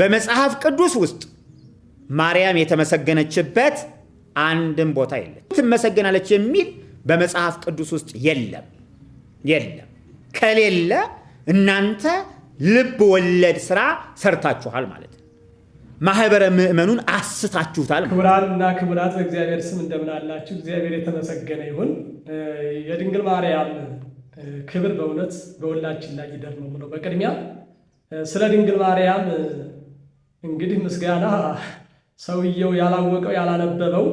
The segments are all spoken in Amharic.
በመጽሐፍ ቅዱስ ውስጥ ማርያም የተመሰገነችበት አንድም ቦታ የለም። ትመሰገናለች የሚል በመጽሐፍ ቅዱስ ውስጥ የለም የለም። ከሌለ እናንተ ልብ ወለድ ስራ ሰርታችኋል ማለት ነው። ማህበረ ምእመኑን አስታችሁታል። እና ክቡራት በእግዚአብሔር ስም እንደምናላችሁ፣ እግዚአብሔር የተመሰገነ ይሁን። የድንግል ማርያም ክብር በእውነት በሁላችን ላይ ይደር ነው በቅድሚያ ስለ ድንግል ማርያም እንግዲህ ምስጋና ሰውየው ያላወቀው ያላነበበው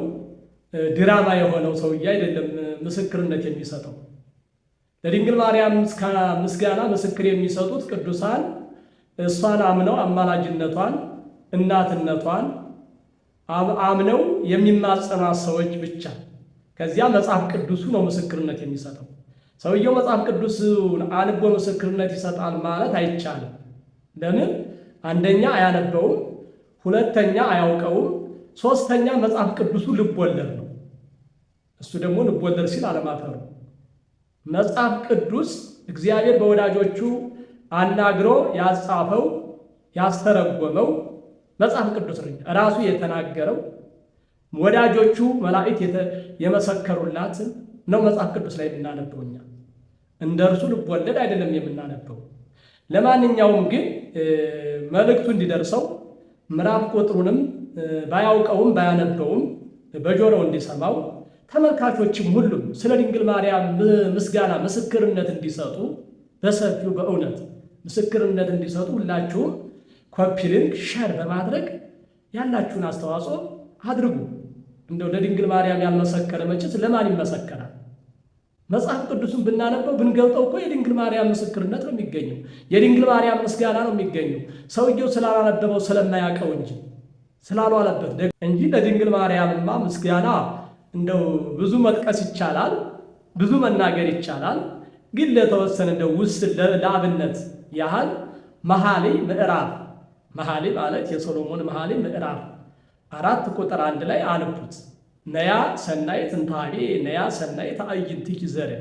ድራማ የሆነው ሰውዬ አይደለም ምስክርነት የሚሰጠው። ለድንግል ማርያም ምስጋና ምስክር የሚሰጡት ቅዱሳን እሷን አምነው አማላጅነቷን፣ እናትነቷን አምነው የሚማጸኗት ሰዎች ብቻ። ከዚያ መጽሐፍ ቅዱሱ ነው ምስክርነት የሚሰጠው። ሰውየው መጽሐፍ ቅዱስን አንቦ ምስክርነት ይሰጣል ማለት አይቻልም። ለምን? አንደኛ አያነበውም፣ ሁለተኛ አያውቀውም፣ ሶስተኛ መጽሐፍ ቅዱሱ ልቦለድ ነው። እሱ ደግሞ ልቦለድ ሲል አለማፈሩ መጽሐፍ ቅዱስ እግዚአብሔር በወዳጆቹ አናግሮ ያጻፈው ያስተረጎመው መጽሐፍ ቅዱስ ነው። ራሱ የተናገረው ወዳጆቹ መላእክት የመሰከሩላት ነው። መጽሐፍ ቅዱስ ላይ የምናነበው እኛ እንደ እርሱ ልብ ወለድ አይደለም የምናነበው። ለማንኛውም ግን መልእክቱ እንዲደርሰው ምዕራፍ ቁጥሩንም ባያውቀውም ባያነበውም በጆሮው እንዲሰማው ተመልካቾችም ሁሉም ስለ ድንግል ማርያም ምስጋና ምስክርነት እንዲሰጡ በሰፊው በእውነት ምስክርነት እንዲሰጡ ሁላችሁም ኮፒ ሊንክ ሸር በማድረግ ያላችሁን አስተዋጽኦ አድርጉ። እንደው ለድንግል ማርያም ያልመሰከረ መቼስ ለማን ይመሰከራል? መጽሐፍ ቅዱስን ብናነበው ብንገልጠው እኮ የድንግል ማርያም ምስክርነት ነው የሚገኘው። የድንግል ማርያም ምስጋና ነው የሚገኘው። ሰውየው ስላላነበበው ስለማያውቀው እንጂ ስላሏለበት እንጂ ለድንግል ማርያምማ ምስጋና እንደው ብዙ መጥቀስ ይቻላል፣ ብዙ መናገር ይቻላል። ግን ለተወሰነ እንደው ውስን ለአብነት ያህል መሐሌ ምዕራፍ መሐሌ ማለት የሶሎሞን መሐሌ ምዕራፍ አራት ቁጥር አንድ ላይ አንቡት። ነያ ሰናይ ትንታቤ ነያ ሰናይ ተአይንቲኪ ይዘረ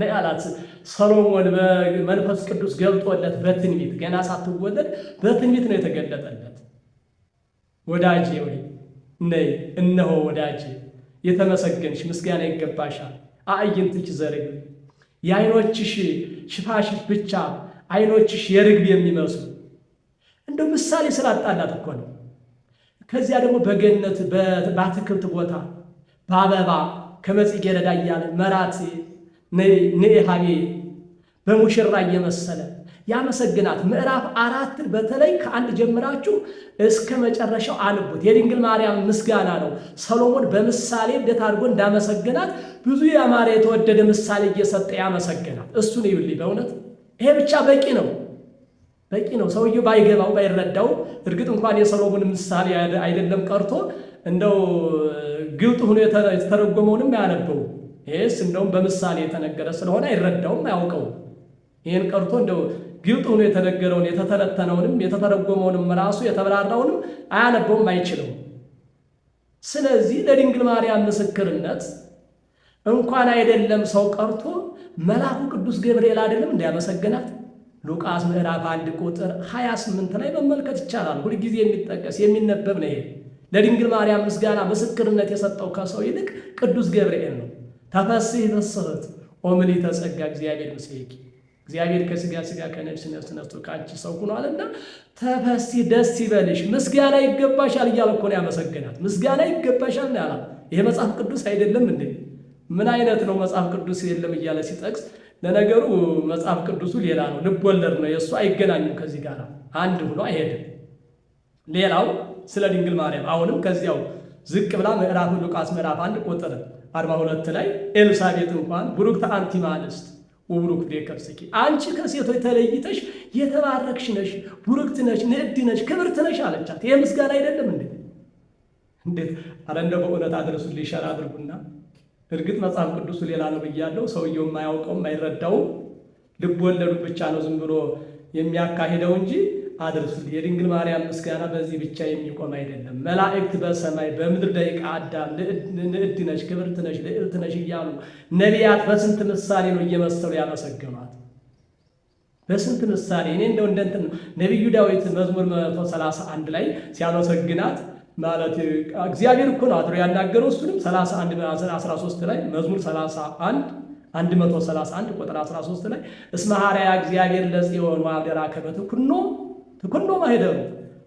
ነይ አላት ሰሎሞን መንፈስ ቅዱስ ገልጦለት በትንቢት ገና ሳትወለድ በትንቢት ነው የተገለጠለት። ወዳጄ ወይ ነይ እነሆ ወዳጄ የተመሰገንሽ ምስጋና ይገባሻል። አእይንትኪ ዘርግ የአይኖችሽ ሽፋሽፍ ብቻ አይኖችሽ የርግብ የሚመስሉ እንደ ምሳሌ ስላጣላት እኮ ነው። ከዚያ ደግሞ በገነት በአትክልት ቦታ በአበባ ከመጽ ረዳ እያለ መራት ንዕሃቤ በሙሽራ እየመሰለ ያመሰግናት። ምዕራፍ አራትን በተለይ ከአንድ ጀምራችሁ እስከ መጨረሻው አንቡት። የድንግል ማርያም ምስጋና ነው። ሰሎሞን በምሳሌ እንዴት አድርጎ እንዳመሰግናት ብዙ ያማረ የተወደደ ምሳሌ እየሰጠ ያመሰግናት። እሱን ይዩልኝ። በእውነት ይሄ ብቻ በቂ ነው። በቂ ነው። ሰውዬው ባይገባው ባይረዳው፣ እርግጥ እንኳን የሰሎሞን ምሳሌ አይደለም ቀርቶ እንደው ግልጥ ሆኖ የተተረጎመውንም አያነበው። ይህስ እንደውም በምሳሌ የተነገረ ስለሆነ አይረዳውም፣ አያውቀው። ይህን ቀርቶ እንደው ግልጥ ሆኖ የተነገረውን የተተነተነውንም የተተረጎመውንም ራሱ የተብራራውንም አያነበውም፣ አይችለው። ስለዚህ ለድንግል ማርያም ምስክርነት እንኳን አይደለም ሰው ቀርቶ መልአኩ ቅዱስ ገብርኤል አይደለም እንዲያመሰግናት ሉቃስ ምዕራፍ 1 ቁጥር 28 ላይ መመልከት ይቻላል። ሁልጊዜ የሚጠቀስ የሚነበብ ነው። ይሄ ለድንግል ማርያም ምስጋና ምስክርነት የሰጠው ከሰው ይልቅ ቅዱስ ገብርኤል ነው። ተፈሥሒ ፍሥሕት ወምልዕተ ተጸጋ እግዚአብሔር ምስሌኪ እግዚአብሔር ከስጋ ስጋ ከነፍስ ነፍስ ነስቶ ከአንቺ ሰው ሆኗልና ተፈስቲ ደስ ይበልሽ፣ ምስጋና ይገባሻል እያለ እኮ ነው ያመሰገናት። ምስጋና ይገባሻል ነው ያላት። ይሄ መጽሐፍ ቅዱስ አይደለም እንዴ? ምን አይነት ነው መጽሐፍ ቅዱስ የለም እያለ ሲጠቅስ፣ ለነገሩ መጽሐፍ ቅዱሱ ሌላ ነው፣ ልብ ወለድ ነው። የእሱ አይገናኙም ከዚህ ጋር አንድ ብሎ አይሄድም። ሌላው ስለ ድንግል ማርያም አሁንም ከዚያው ዝቅ ብላ ምዕራፍ ሉቃስ ምዕራፍ አንድ ቁጥር አርባ ሁለት ላይ ኤልሳቤጥ እንኳን ብሩክተ አንቲ እምአንስት ውብሩክ ፍሬከርስኪ አንቺ ከሴቶች ተለይተሽ የተባረክሽ ነሽ፣ ብሩክት ነሽ፣ ንዕድ ነሽ፣ ክብርት ነሽ አለቻት። ይህ ምስጋና አይደለም እንዴ? እንዴት! አረ እንደው በእውነት አድረሱልኝ፣ ሸር አድርጉና እርግጥ መጽሐፍ ቅዱሱ ሌላ ነው ብያለሁ። ሰውየው የማያውቀው የማይረዳው ልብ ወለዱ ብቻ ነው ዝም ብሎ የሚያካሂደው እንጂ አድርሱል የድንግል ማርያም ምስጋና በዚህ ብቻ የሚቆም አይደለም። መላእክት በሰማይ በምድር ደቂቃ አዳም ንዕድ ነሽ፣ ክብርት ነች ልዕልት ነች እያሉ ነቢያት በስንት ምሳሌ ነው እየመሰሉ ያመሰገኗት። በስንት ምሳሌ እኔ እንደው እንደንትን ነው ነቢዩ ዳዊት መዝሙር 131 ላይ ሲያመሰግናት ማለት እግዚአብሔር እኮ ነው አድሮ ያናገረው። እሱንም 31 13 ላይ መዝሙር 31 131 ቁጥር 13 ላይ እስመ ሐረያ እግዚአብሔር ለጽዮን ወአብደራ ከመ ትኩኖ ትኩኖ ማኅደሩ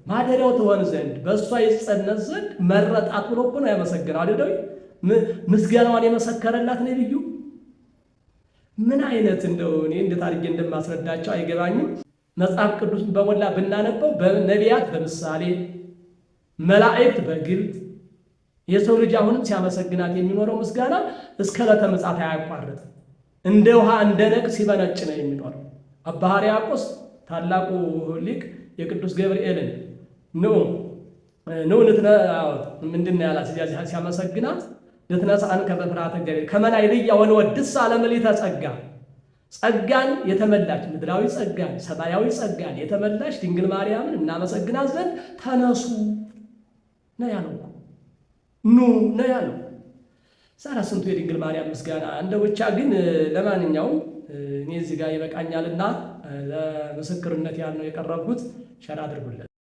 ማደሪያው ትሆን ዘንድ በእሷ ይጸነት ዘንድ መረጣት ብሎ እኮ ነው ያመሰግነው አይደል? ምስጋናዋን የመሰከረላት ነቢዩ። ምን አይነት እንደው እኔ እንዴት አድርጌ እንደማስረዳቸው አይገባኝም። መጽሐፍ ቅዱስ በሞላ ብናነበው በነቢያት በምሳሌ መላእክት በግልጥ የሰው ልጅ አሁንም ሲያመሰግናት የሚኖረው ምስጋና እስከ ዕለተ ምጽአት አያቋርጥም። እንደ ውሃ እንደ ነቅ ሲበነጭ ነው የሚኖር። አባ ሕርያቆስ ታላቁ ሊቅ የቅዱስ ገብርኤልን ንዑ ንዑ ምንድን ያላት ሲያመሰግናት ልትነሳን ከመፍራት እግዚአብሔር ከመላይ ልያ ወንወድስ አለምሊተ ጸጋ ጸጋን የተመላች ምድራዊ ጸጋን ሰማያዊ ጸጋን የተመላች ድንግል ማርያምን እናመሰግናት ዘንድ ተነሱ ነው ያለው። ኑ ነው ያለው። ሳራ ስንቱ የድንግል ማርያም ምስጋና እንደ ብቻ ግን ለማንኛውም እኔ እዚህ ጋር ይበቃኛልና ለምስክርነት ያልነው የቀረብኩት ሸር አድርጉለት።